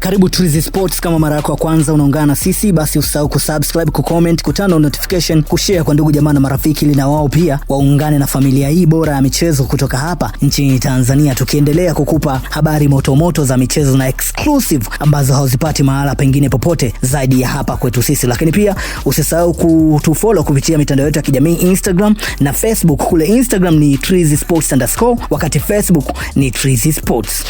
Karibu Trizi Sports. Kama mara yako ya kwanza unaungana na sisi, basi usahau kusubscribe, kucomment, kutano notification, kushare kwa ndugu jamaa na marafiki, ili na wao pia waungane na familia hii bora ya michezo kutoka hapa nchini Tanzania, tukiendelea kukupa habari motomoto za michezo na exclusive ambazo hauzipati mahala pengine popote zaidi ya hapa kwetu sisi. Lakini pia usisahau kutufollow kupitia mitandao yetu ya kijamii Instagram na Facebook. Kule Instagram ni Trizi Sports underscore, wakati Facebook ni Trizi Sports.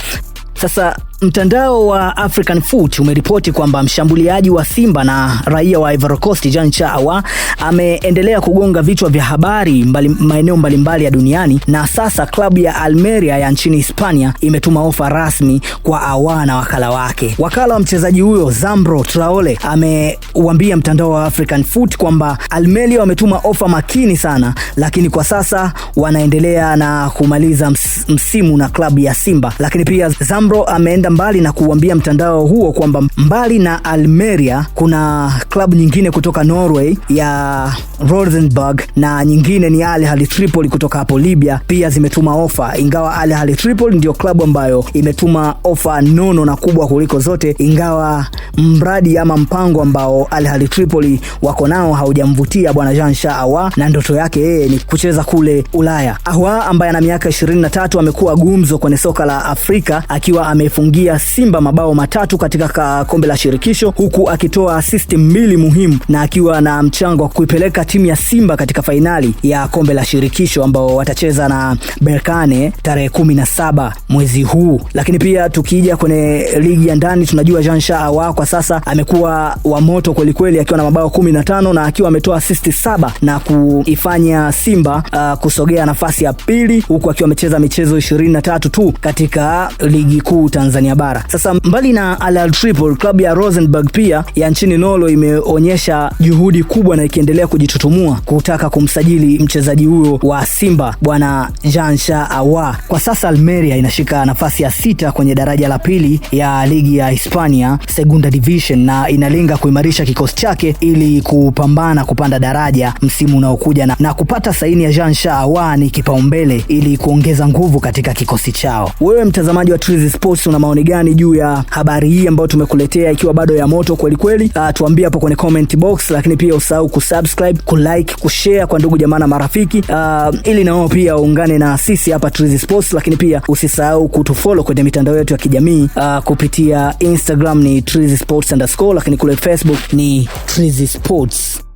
Sasa Mtandao wa African Foot umeripoti kwamba mshambuliaji wa Simba na raia wa Ivory Coast Jean Ahoua ameendelea kugonga vichwa vya habari mbali, maeneo mbalimbali ya duniani na sasa klabu ya Almeria ya nchini Hispania imetuma ofa rasmi kwa Ahoua na wakala wake. Wakala wa mchezaji huyo Zambro Traore ameuambia mtandao wa African Foot kwamba Almeria wametuma ofa makini sana, lakini kwa sasa wanaendelea na kumaliza msimu na klabu ya Simba, lakini pia Zambro ameenda kwenda mbali na kuuambia mtandao huo kwamba mbali na Almeria kuna klabu nyingine kutoka Norway ya Rosenborg na nyingine ni Al Ahly Tripoli kutoka hapo Libya, pia zimetuma ofa, ingawa Al Ahly Tripoli ndio klabu ambayo imetuma ofa nono na kubwa kuliko zote, ingawa mradi ama mpango ambao Al Ahly Tripoli wako nao haujamvutia bwana Jean Shah Ahoua, na ndoto yake yeye ni kucheza kule Ulaya. Ahoua ambaye ana miaka 23 amekuwa gumzo kwenye soka la Afrika akiwa amefungia Simba mabao matatu katika kombe la shirikisho huku akitoa assist mbili muhimu na akiwa na mchango wa kuipeleka timu ya Simba katika fainali ya kombe la shirikisho ambao watacheza na Berkane tarehe kumi na saba mwezi huu. Lakini pia tukija kwenye ligi ya ndani tunajua Jean Shah Ahoua kwa sasa amekuwa wa moto kwelikweli, akiwa na mabao kumi na tano na akiwa ametoa assist saba na kuifanya Simba uh, kusogea nafasi ya pili, huku akiwa amecheza michezo ishirini tatu tu katika ligi kuu Tanzania bara. Sasa mbali na Al triple klabu ya rosenberg pia ya nchini Nolo imeonyesha juhudi kubwa na ikiendelea kujitutumua kutaka kumsajili mchezaji huyo wa Simba bwana Jansha Awa. Kwa sasa Almeria inashika nafasi ya sita kwenye daraja la pili ya ligi ya Hispania Segunda Division na inalenga kuimarisha kikosi chake ili kupambana kupanda daraja msimu unaokuja na, na kupata saini ya Jean Charles Ahoua ni kipaumbele ili kuongeza nguvu katika kikosi chao. Wewe mtazamaji wa Triz Sports, una maoni gani juu ya habari hii ambayo tumekuletea ikiwa bado ya moto kweli kweli? Uh, tuambie hapo kwenye comment box, lakini pia usahau kusubscribe, kulike, kushare kwa ndugu jamaa na marafiki uh, ili nao pia uungane na sisi hapa Triz Sports, lakini pia usisahau kutufollow kwenye mitandao yetu ya kijamii uh, kupitia Instagram ni Triz Sports underscore, lakini kule Facebook ni trizy Sports.